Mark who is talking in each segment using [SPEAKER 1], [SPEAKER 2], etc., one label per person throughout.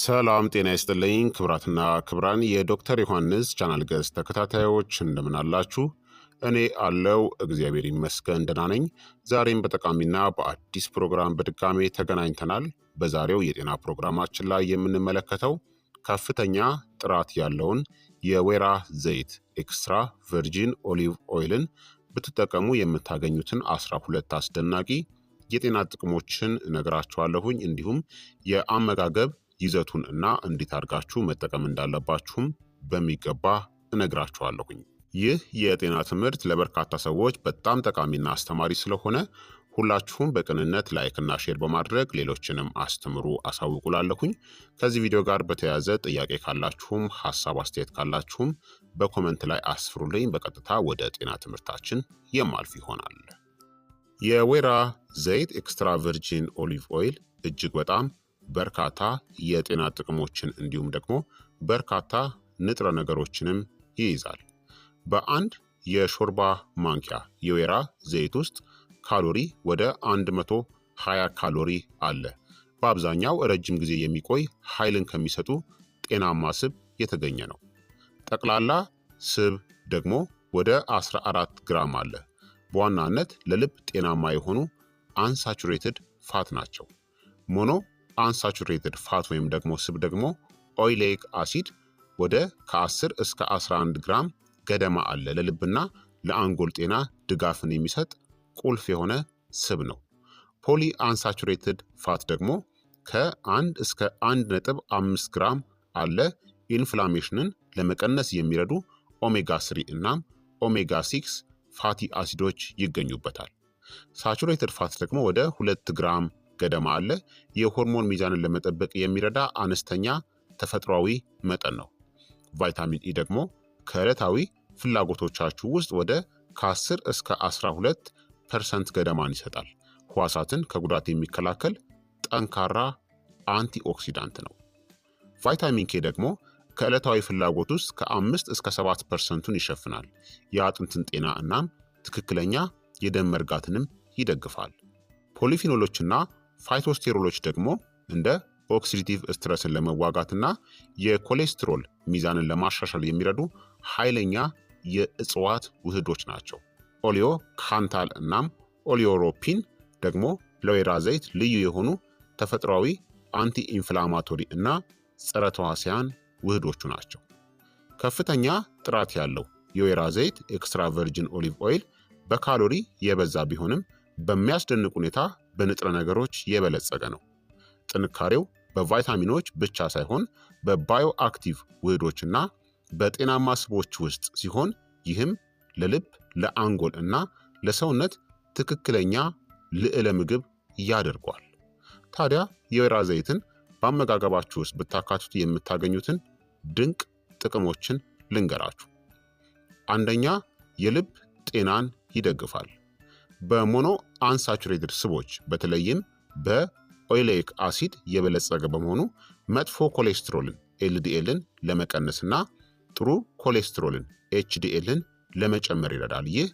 [SPEAKER 1] ሰላም ጤና ይስጥልኝ ክብራትና ክብራን የዶክተር ዮሐንስ ቻናል ገጽ ተከታታዮች እንደምን አላችሁ? እኔ አለው እግዚአብሔር ይመስገን ደህና ነኝ። ዛሬም በጠቃሚና በአዲስ ፕሮግራም በድጋሜ ተገናኝተናል። በዛሬው የጤና ፕሮግራማችን ላይ የምንመለከተው ከፍተኛ ጥራት ያለውን የወይራ ዘይት ኤክስትራ ቨርጂን ኦሊቭ ኦይልን ብትጠቀሙ የምታገኙትን አስራ ሁለት አስደናቂ የጤና ጥቅሞችን እነግራችኋለሁኝ እንዲሁም የአመጋገብ ይዘቱን እና እንዴት አድርጋችሁ መጠቀም እንዳለባችሁም በሚገባ እነግራችኋለሁኝ። ይህ የጤና ትምህርት ለበርካታ ሰዎች በጣም ጠቃሚና አስተማሪ ስለሆነ ሁላችሁም በቅንነት ላይክና ሼር በማድረግ ሌሎችንም አስተምሩ አሳውቁላለሁኝ። ከዚህ ቪዲዮ ጋር በተያያዘ ጥያቄ ካላችሁም ሀሳብ አስተያየት ካላችሁም በኮመንት ላይ አስፍሩልኝ። በቀጥታ ወደ ጤና ትምህርታችን የማልፍ ይሆናል። የወይራ ዘይት ኤክስትራ ቨርጂን ኦሊቭ ኦይል እጅግ በጣም በርካታ የጤና ጥቅሞችን እንዲሁም ደግሞ በርካታ ንጥረ ነገሮችንም ይይዛል። በአንድ የሾርባ ማንኪያ የወይራ ዘይት ውስጥ ካሎሪ ወደ 120 ካሎሪ አለ። በአብዛኛው ረጅም ጊዜ የሚቆይ ኃይልን ከሚሰጡ ጤናማ ስብ የተገኘ ነው። ጠቅላላ ስብ ደግሞ ወደ 14 ግራም አለ። በዋናነት ለልብ ጤናማ የሆኑ አንሳቹሬትድ ፋት ናቸው። ሞኖ አንሳቹሬትድ ፋት ወይም ደግሞ ስብ ደግሞ ኦይሌክ አሲድ ወደ ከ10 እስከ 11 ግራም ገደማ አለ። ለልብና ለአንጎል ጤና ድጋፍን የሚሰጥ ቁልፍ የሆነ ስብ ነው። ፖሊ አንሳቹሬትድ ፋት ደግሞ ከ1 እስከ 1.5 ግራም አለ። ኢንፍላሜሽንን ለመቀነስ የሚረዱ ኦሜጋ 3 እናም ኦሜጋ 6 ፋቲ አሲዶች ይገኙበታል። ሳቹሬትድ ፋት ደግሞ ወደ 2 ግራም ገደማ አለ። የሆርሞን ሚዛንን ለመጠበቅ የሚረዳ አነስተኛ ተፈጥሯዊ መጠን ነው። ቫይታሚን ኢ ደግሞ ከዕለታዊ ፍላጎቶቻችሁ ውስጥ ወደ ከ10 እስከ 12 ፐርሰንት ገደማን ይሰጣል። ህዋሳትን ከጉዳት የሚከላከል ጠንካራ አንቲኦክሲዳንት ነው። ቫይታሚን ኬ ደግሞ ከዕለታዊ ፍላጎት ውስጥ ከ5 እስከ 7 ፐርሰንቱን ይሸፍናል። የአጥንትን ጤና እናም ትክክለኛ የደም መርጋትንም ይደግፋል። ፖሊፊኖሎችና ፋይቶስቴሮሎች ደግሞ እንደ ኦክሲዲቲቭ ስትረስን ለመዋጋትና የኮሌስትሮል ሚዛንን ለማሻሻል የሚረዱ ኃይለኛ የእጽዋት ውህዶች ናቸው። ኦሊዮ ካንታል እናም ኦሊዮሮፒን ደግሞ ለወይራ ዘይት ልዩ የሆኑ ተፈጥሯዊ አንቲ ኢንፍላማቶሪ እና ጸረ ተዋሲያን ውህዶቹ ናቸው። ከፍተኛ ጥራት ያለው የወይራ ዘይት ኤክስትራ ቨርጂን ኦሊቭ ኦይል በካሎሪ የበዛ ቢሆንም በሚያስደንቅ ሁኔታ በንጥረ ነገሮች የበለጸገ ነው። ጥንካሬው በቫይታሚኖች ብቻ ሳይሆን በባዮ አክቲቭ ውህዶችና በጤናማ ስቦች ውስጥ ሲሆን ይህም ለልብ፣ ለአንጎል እና ለሰውነት ትክክለኛ ልዕለ ምግብ ያደርጓል። ታዲያ የወይራ ዘይትን በአመጋገባችሁ ውስጥ ብታካትቱ የምታገኙትን ድንቅ ጥቅሞችን ልንገራችሁ። አንደኛ የልብ ጤናን ይደግፋል። በሞኖ አንሳቹሬትድ ስቦች በተለይም በኦይሌክ አሲድ የበለጸገ በመሆኑ መጥፎ ኮሌስትሮልን ኤልዲኤልን ለመቀነስና ጥሩ ኮሌስትሮልን ኤችዲኤልን ለመጨመር ይረዳል። ይህ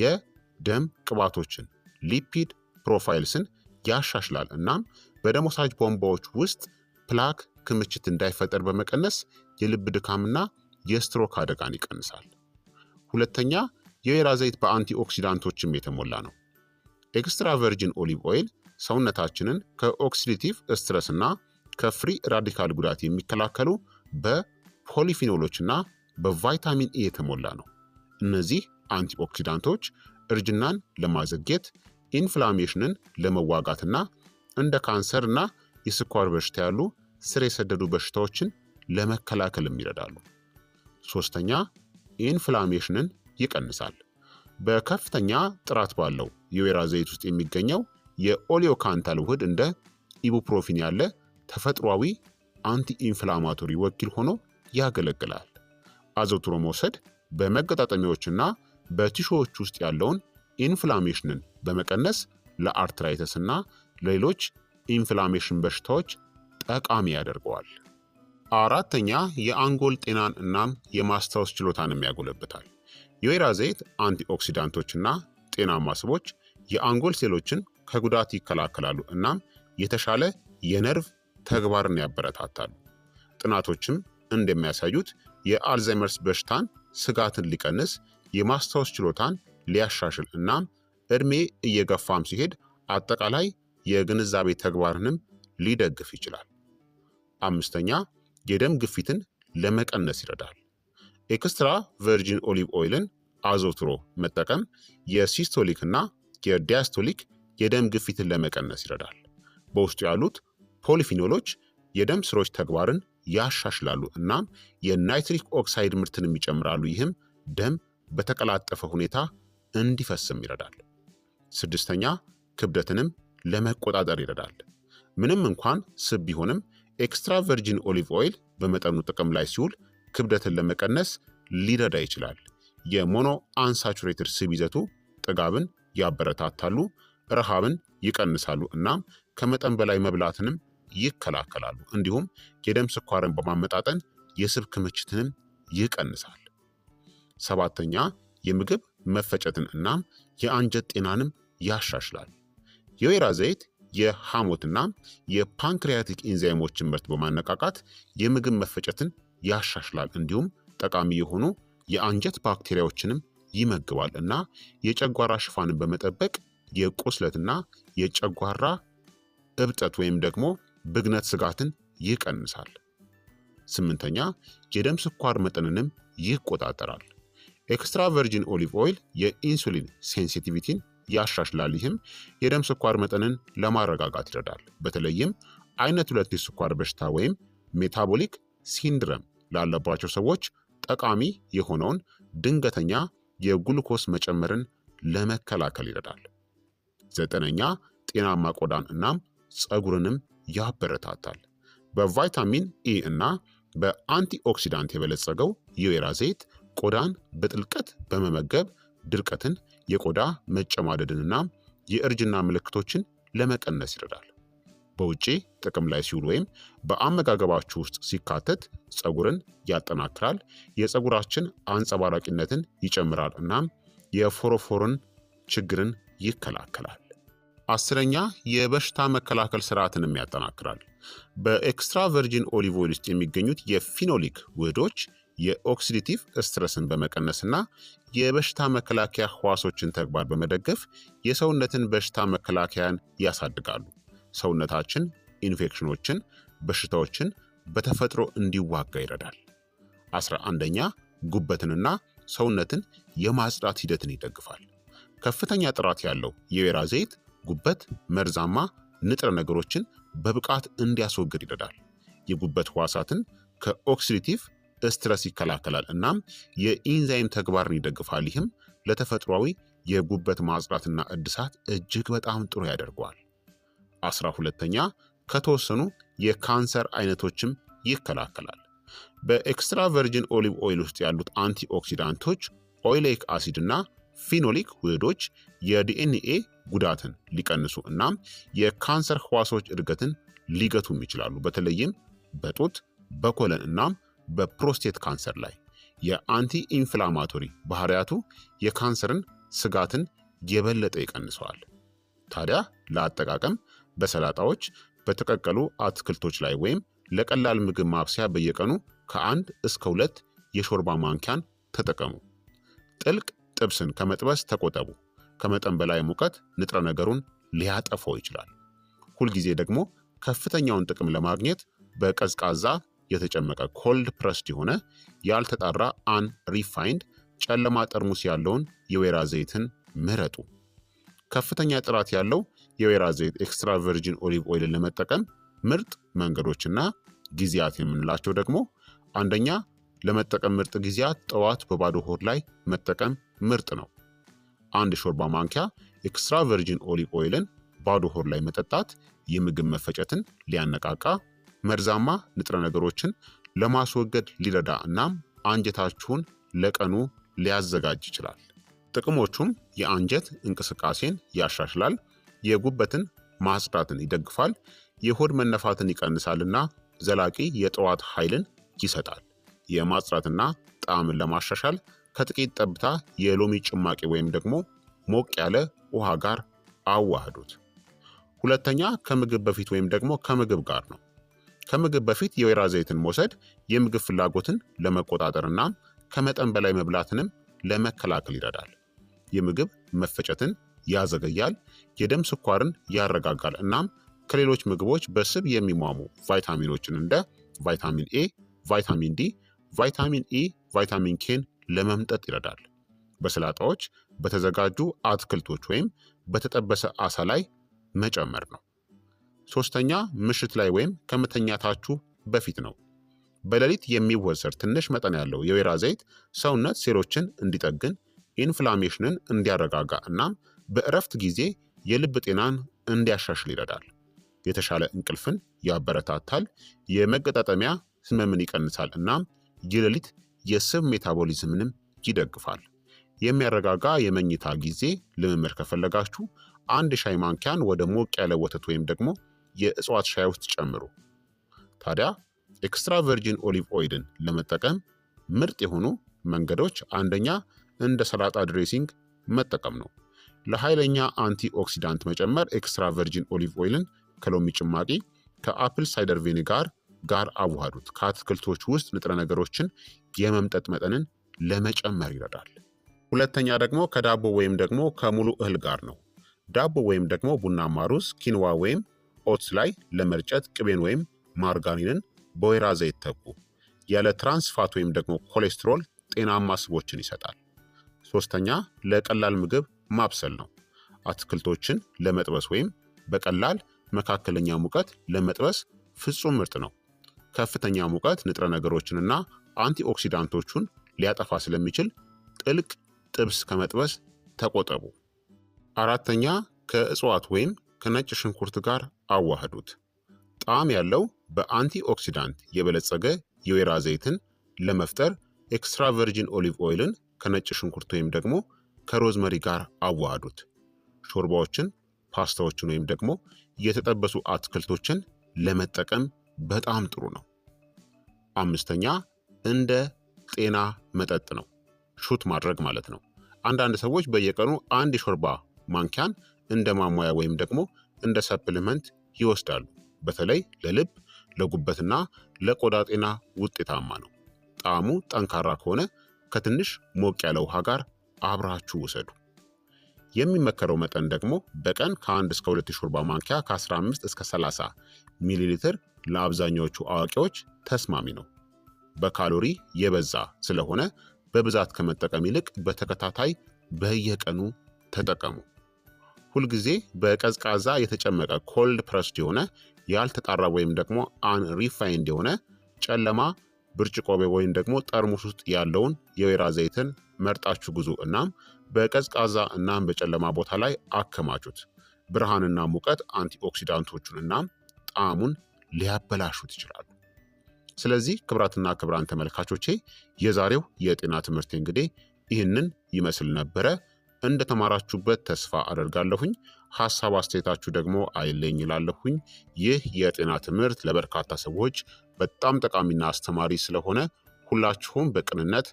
[SPEAKER 1] የደም ቅባቶችን ሊፒድ ፕሮፋይልስን ያሻሽላል እናም በደም ወሳጅ ቧንቧዎች ውስጥ ፕላክ ክምችት እንዳይፈጠር በመቀነስ የልብ ድካምና የስትሮክ አደጋን ይቀንሳል። ሁለተኛ የወይራ ዘይት በአንቲ ኦክሲዳንቶችም የተሞላ ነው። ኤክስትራ ቨርጂን ኦሊቭ ኦይል ሰውነታችንን ከኦክሲዲቲቭ ስትረስ ከፍሪ ራዲካል ጉዳት የሚከላከሉ በፖሊፊኖሎችና በቫይታሚን ኤ የተሞላ ነው። እነዚህ አንቲኦክሲዳንቶች እርጅናን ለማዘግየት ኢንፍላሜሽንን ለመዋጋትና እንደ ካንሰርና የስኳር በሽታ ያሉ ስር የሰደዱ በሽታዎችን ለመከላከልም ይረዳሉ። ሶስተኛ ኢንፍላሜሽንን ይቀንሳል። በከፍተኛ ጥራት ባለው የወይራ ዘይት ውስጥ የሚገኘው የኦሊዮካንታል ውህድ እንደ ኢቡፕሮፊን ያለ ተፈጥሯዊ አንቲኢንፍላማቶሪ ወኪል ሆኖ ያገለግላል። አዘውትሮ መውሰድ በመገጣጠሚያዎችና በቲሾዎች ውስጥ ያለውን ኢንፍላሜሽንን በመቀነስ ለአርትራይተስ እና ለሌሎች ኢንፍላሜሽን በሽታዎች ጠቃሚ ያደርገዋል። አራተኛ የአንጎል ጤናን እናም የማስታወስ ችሎታንም ያጎለብታል። የወይራ ዘይት አንቲኦክሲዳንቶችና ጤናማ ስቦች የአንጎል ሴሎችን ከጉዳት ይከላከላሉ እናም የተሻለ የነርቭ ተግባርን ያበረታታሉ። ጥናቶችም እንደሚያሳዩት የአልዛይመርስ በሽታን ስጋትን ሊቀንስ፣ የማስታወስ ችሎታን ሊያሻሽል እናም እድሜ እየገፋም ሲሄድ አጠቃላይ የግንዛቤ ተግባርንም ሊደግፍ ይችላል። አምስተኛ የደም ግፊትን ለመቀነስ ይረዳል። ኤክስትራ ቨርጂን ኦሊቭ ኦይልን አዘውትሮ መጠቀም የሲስቶሊክ እና የዲያስቶሊክ የደም ግፊትን ለመቀነስ ይረዳል። በውስጡ ያሉት ፖሊፊኖሎች የደም ስሮች ተግባርን ያሻሽላሉ እናም የናይትሪክ ኦክሳይድ ምርትንም ይጨምራሉ። ይህም ደም በተቀላጠፈ ሁኔታ እንዲፈስም ይረዳል። ስድስተኛ ክብደትንም ለመቆጣጠር ይረዳል። ምንም እንኳን ስብ ቢሆንም ኤክስትራ ቨርጂን ኦሊቭ ኦይል በመጠኑ ጥቅም ላይ ሲውል ክብደትን ለመቀነስ ሊረዳ ይችላል። የሞኖ አንሳቹሬትድ ስብ ይዘቱ ጥጋብን ያበረታታሉ፣ ረሃብን ይቀንሳሉ፣ እናም ከመጠን በላይ መብላትንም ይከላከላሉ። እንዲሁም የደም ስኳርን በማመጣጠን የስብ ክምችትንም ይቀንሳል። ሰባተኛ የምግብ መፈጨትን እናም የአንጀት ጤናንም ያሻሽላል። የወይራ ዘይት የሐሞትና የፓንክሪያቲክ ኢንዛይሞችን ምርት በማነቃቃት የምግብ መፈጨትን ያሻሽላል። እንዲሁም ጠቃሚ የሆኑ የአንጀት ባክቴሪያዎችንም ይመግባል እና የጨጓራ ሽፋንን በመጠበቅ የቁስለትና የጨጓራ እብጠት ወይም ደግሞ ብግነት ስጋትን ይቀንሳል። ስምንተኛ የደም ስኳር መጠንንም ይቆጣጠራል። ኤክስትራ ቨርጂን ኦሊቭ ኦይል የኢንሱሊን ሴንሲቲቪቲን ያሻሽላል። ይህም የደም ስኳር መጠንን ለማረጋጋት ይረዳል። በተለይም አይነት ሁለት የስኳር በሽታ ወይም ሜታቦሊክ ሲንድረም ላለባቸው ሰዎች ጠቃሚ የሆነውን ድንገተኛ የጉልኮስ መጨመርን ለመከላከል ይረዳል። ዘጠነኛ ጤናማ ቆዳን እናም ፀጉርንም ያበረታታል። በቫይታሚን ኢ እና በአንቲኦክሲዳንት የበለጸገው የወይራ ዘይት ቆዳን በጥልቀት በመመገብ ድርቀትን፣ የቆዳ መጨማደድንና የእርጅና ምልክቶችን ለመቀነስ ይረዳል። በውጪ ጥቅም ላይ ሲውል ወይም በአመጋገባችሁ ውስጥ ሲካተት ፀጉርን ያጠናክራል፣ የፀጉራችን አንጸባራቂነትን ይጨምራል፣ እናም የፎሮፎርን ችግርን ይከላከላል። አስረኛ የበሽታ መከላከል ስርዓትንም ያጠናክራል። በኤክስትራ ቨርጂን ኦሊቭ ኦይል ውስጥ የሚገኙት የፊኖሊክ ውህዶች የኦክሲዲቲቭ ስትረስን በመቀነስና የበሽታ መከላከያ ህዋሶችን ተግባር በመደገፍ የሰውነትን በሽታ መከላከያን ያሳድጋሉ። ሰውነታችን ኢንፌክሽኖችን፣ በሽታዎችን በተፈጥሮ እንዲዋጋ ይረዳል። አስራ አንደኛ ጉበትንና ሰውነትን የማጽዳት ሂደትን ይደግፋል። ከፍተኛ ጥራት ያለው የወይራ ዘይት ጉበት መርዛማ ንጥረ ነገሮችን በብቃት እንዲያስወግድ ይረዳል። የጉበት ህዋሳትን ከኦክሲዲቲቭ ስትረስ ይከላከላል እናም የኢንዛይም ተግባርን ይደግፋል። ይህም ለተፈጥሯዊ የጉበት ማጽዳትና እድሳት እጅግ በጣም ጥሩ ያደርገዋል። አስራ ሁለተኛ ከተወሰኑ የካንሰር አይነቶችም ይከላከላል። በኤክስትራ ቨርጂን ኦሊቭ ኦይል ውስጥ ያሉት አንቲኦክሲዳንቶች ኦይሌክ አሲድ እና ፊኖሊክ ውህዶች የዲኤንኤ ጉዳትን ሊቀንሱ እናም የካንሰር ህዋሶች እድገትን ሊገቱም ይችላሉ። በተለይም በጡት በኮለን እናም በፕሮስቴት ካንሰር ላይ የአንቲ ኢንፍላማቶሪ ባህሪያቱ የካንሰርን ስጋትን የበለጠ ይቀንሰዋል። ታዲያ ለአጠቃቀም በሰላጣዎች፣ በተቀቀሉ አትክልቶች ላይ ወይም ለቀላል ምግብ ማብሰያ በየቀኑ ከአንድ እስከ ሁለት የሾርባ ማንኪያን ተጠቀሙ። ጥልቅ ጥብስን ከመጥበስ ተቆጠቡ። ከመጠን በላይ ሙቀት ንጥረ ነገሩን ሊያጠፋው ይችላል። ሁልጊዜ ደግሞ ከፍተኛውን ጥቅም ለማግኘት በቀዝቃዛ የተጨመቀ ኮልድ ፕረስድ የሆነ ያልተጣራ አን ሪፋይንድ ጨለማ ጠርሙስ ያለውን የወይራ ዘይትን ምረጡ። ከፍተኛ ጥራት ያለው የወይራ ዘይት ኤክስትራ ቨርጂን ኦሊቭ ኦይልን ለመጠቀም ምርጥ መንገዶችና ጊዜያት የምንላቸው ደግሞ አንደኛ ለመጠቀም ምርጥ ጊዜያት ጠዋት በባዶ ሆድ ላይ መጠቀም ምርጥ ነው። አንድ ሾርባ ማንኪያ ኤክስትራ ቨርጂን ኦሊቭ ኦይልን ባዶ ሆድ ላይ መጠጣት የምግብ መፈጨትን ሊያነቃቃ፣ መርዛማ ንጥረ ነገሮችን ለማስወገድ ሊረዳ እናም አንጀታችሁን ለቀኑ ሊያዘጋጅ ይችላል። ጥቅሞቹም የአንጀት እንቅስቃሴን ያሻሽላል፣ የጉበትን ማጽዳትን ይደግፋል፣ የሆድ መነፋትን ይቀንሳልና ዘላቂ የጠዋት ኃይልን ይሰጣል። የማጽዳትና ጣዕምን ለማሻሻል ከጥቂት ጠብታ የሎሚ ጭማቂ ወይም ደግሞ ሞቅ ያለ ውሃ ጋር አዋህዱት። ሁለተኛ ከምግብ በፊት ወይም ደግሞ ከምግብ ጋር ነው። ከምግብ በፊት የወይራ ዘይትን መውሰድ የምግብ ፍላጎትን ለመቆጣጠርና ከመጠን በላይ መብላትንም ለመከላከል ይረዳል። የምግብ መፈጨትን ያዘገያል፣ የደም ስኳርን ያረጋጋል፣ እናም ከሌሎች ምግቦች በስብ የሚሟሙ ቫይታሚኖችን እንደ ቫይታሚን ኤ፣ ቫይታሚን ዲ፣ ቫይታሚን ኢ፣ ቫይታሚን ኬን ለመምጠጥ ይረዳል። በሰላጣዎች በተዘጋጁ አትክልቶች ወይም በተጠበሰ አሳ ላይ መጨመር ነው። ሶስተኛ ምሽት ላይ ወይም ከመተኛታችሁ በፊት ነው። በሌሊት የሚወሰድ ትንሽ መጠን ያለው የወይራ ዘይት ሰውነት ሴሎችን እንዲጠግን ኢንፍላሜሽንን እንዲያረጋጋ እናም በእረፍት ጊዜ የልብ ጤናን እንዲያሻሽል ይረዳል። የተሻለ እንቅልፍን ያበረታታል፣ የመገጣጠሚያ ህመምን ይቀንሳል፣ እናም የሌሊት የስብ ሜታቦሊዝምንም ይደግፋል። የሚያረጋጋ የመኝታ ጊዜ ልምምድ ከፈለጋችሁ አንድ ሻይ ማንኪያን ወደ ሞቅ ያለ ወተት ወይም ደግሞ የእጽዋት ሻይ ውስጥ ጨምሩ። ታዲያ ኤክስትራ ቨርጂን ኦሊቭ ኦይልን ለመጠቀም ምርጥ የሆኑ መንገዶች አንደኛ እንደ ሰላጣ ድሬሲንግ መጠቀም ነው። ለኃይለኛ አንቲ ኦክሲዳንት መጨመር ኤክስትራ ቨርጂን ኦሊቭ ኦይልን ከሎሚ ጭማቂ ከአፕል ሳይደር ቪኒጋር ጋር አዋሃዱት። ከአትክልቶች ውስጥ ንጥረ ነገሮችን የመምጠጥ መጠንን ለመጨመር ይረዳል። ሁለተኛ ደግሞ ከዳቦ ወይም ደግሞ ከሙሉ እህል ጋር ነው። ዳቦ ወይም ደግሞ ቡናማ ሩዝ፣ ኪንዋ ወይም ኦትስ ላይ ለመርጨት ቅቤን ወይም ማርጋሪንን በወይራ ዘይት ተኩ። ያለ ትራንስፋት ወይም ደግሞ ኮሌስትሮል ጤናማ ስቦችን ይሰጣል። ሶስተኛ ለቀላል ምግብ ማብሰል ነው። አትክልቶችን ለመጥበስ ወይም በቀላል መካከለኛ ሙቀት ለመጥበስ ፍጹም ምርጥ ነው። ከፍተኛ ሙቀት ንጥረ ነገሮችንና አንቲኦክሲዳንቶቹን ሊያጠፋ ስለሚችል ጥልቅ ጥብስ ከመጥበስ ተቆጠቡ። አራተኛ ከእጽዋት ወይም ከነጭ ሽንኩርት ጋር አዋህዱት። ጣዕም ያለው በአንቲኦክሲዳንት የበለጸገ የወይራ ዘይትን ለመፍጠር ኤክስትራ ቨርጂን ኦሊቭ ኦይልን ከነጭ ሽንኩርት ወይም ደግሞ ከሮዝመሪ ጋር አዋሃዱት። ሾርባዎችን፣ ፓስታዎችን ወይም ደግሞ የተጠበሱ አትክልቶችን ለመጠቀም በጣም ጥሩ ነው። አምስተኛ እንደ ጤና መጠጥ ነው፣ ሹት ማድረግ ማለት ነው። አንዳንድ ሰዎች በየቀኑ አንድ የሾርባ ማንኪያን እንደ ማሟያ ወይም ደግሞ እንደ ሰፕልመንት ይወስዳሉ። በተለይ ለልብ ለጉበትና ለቆዳ ጤና ውጤታማ ነው። ጣዕሙ ጠንካራ ከሆነ ከትንሽ ሞቅ ያለ ውሃ ጋር አብራችሁ ውሰዱ። የሚመከረው መጠን ደግሞ በቀን ከ1 እስከ 2 ሾርባ ማንኪያ ከ15 እስከ 30 ሚሊ ሊትር ለአብዛኛዎቹ አዋቂዎች ተስማሚ ነው። በካሎሪ የበዛ ስለሆነ በብዛት ከመጠቀም ይልቅ በተከታታይ በየቀኑ ተጠቀሙ። ሁልጊዜ በቀዝቃዛ የተጨመቀ ኮልድ ፕረስድ የሆነ ያልተጣራ ወይም ደግሞ አንሪፋይንድ የሆነ ጨለማ ብርጭቆ ወይም ደግሞ ጠርሙስ ውስጥ ያለውን የወይራ ዘይትን መርጣችሁ ግዙ። እናም በቀዝቃዛ እናም በጨለማ ቦታ ላይ አከማቹት። ብርሃንና ሙቀት አንቲኦክሲዳንቶቹን እናም ጣዕሙን ሊያበላሹት ይችላሉ። ስለዚህ ክብራትና ክብራን ተመልካቾቼ የዛሬው የጤና ትምህርት እንግዲህ ይህንን ይመስል ነበረ። እንደተማራችሁበት ተስፋ አደርጋለሁኝ። ሀሳብ አስተያየታችሁ ደግሞ አይለኝ ይላለሁኝ። ይህ የጤና ትምህርት ለበርካታ ሰዎች በጣም ጠቃሚና አስተማሪ ስለሆነ ሁላችሁም በቅንነት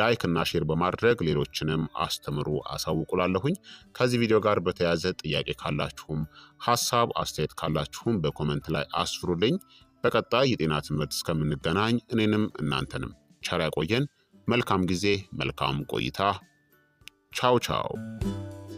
[SPEAKER 1] ላይክ እና ሼር በማድረግ ሌሎችንም አስተምሩ አሳውቁላለሁኝ። ከዚህ ቪዲዮ ጋር በተያያዘ ጥያቄ ካላችሁም ሀሳብ አስተያየት ካላችሁም በኮመንት ላይ አስፍሩልኝ። በቀጣይ የጤና ትምህርት እስከምንገናኝ እኔንም እናንተንም ቸር ያቆየን። መልካም ጊዜ፣ መልካም ቆይታ። ቻው ቻው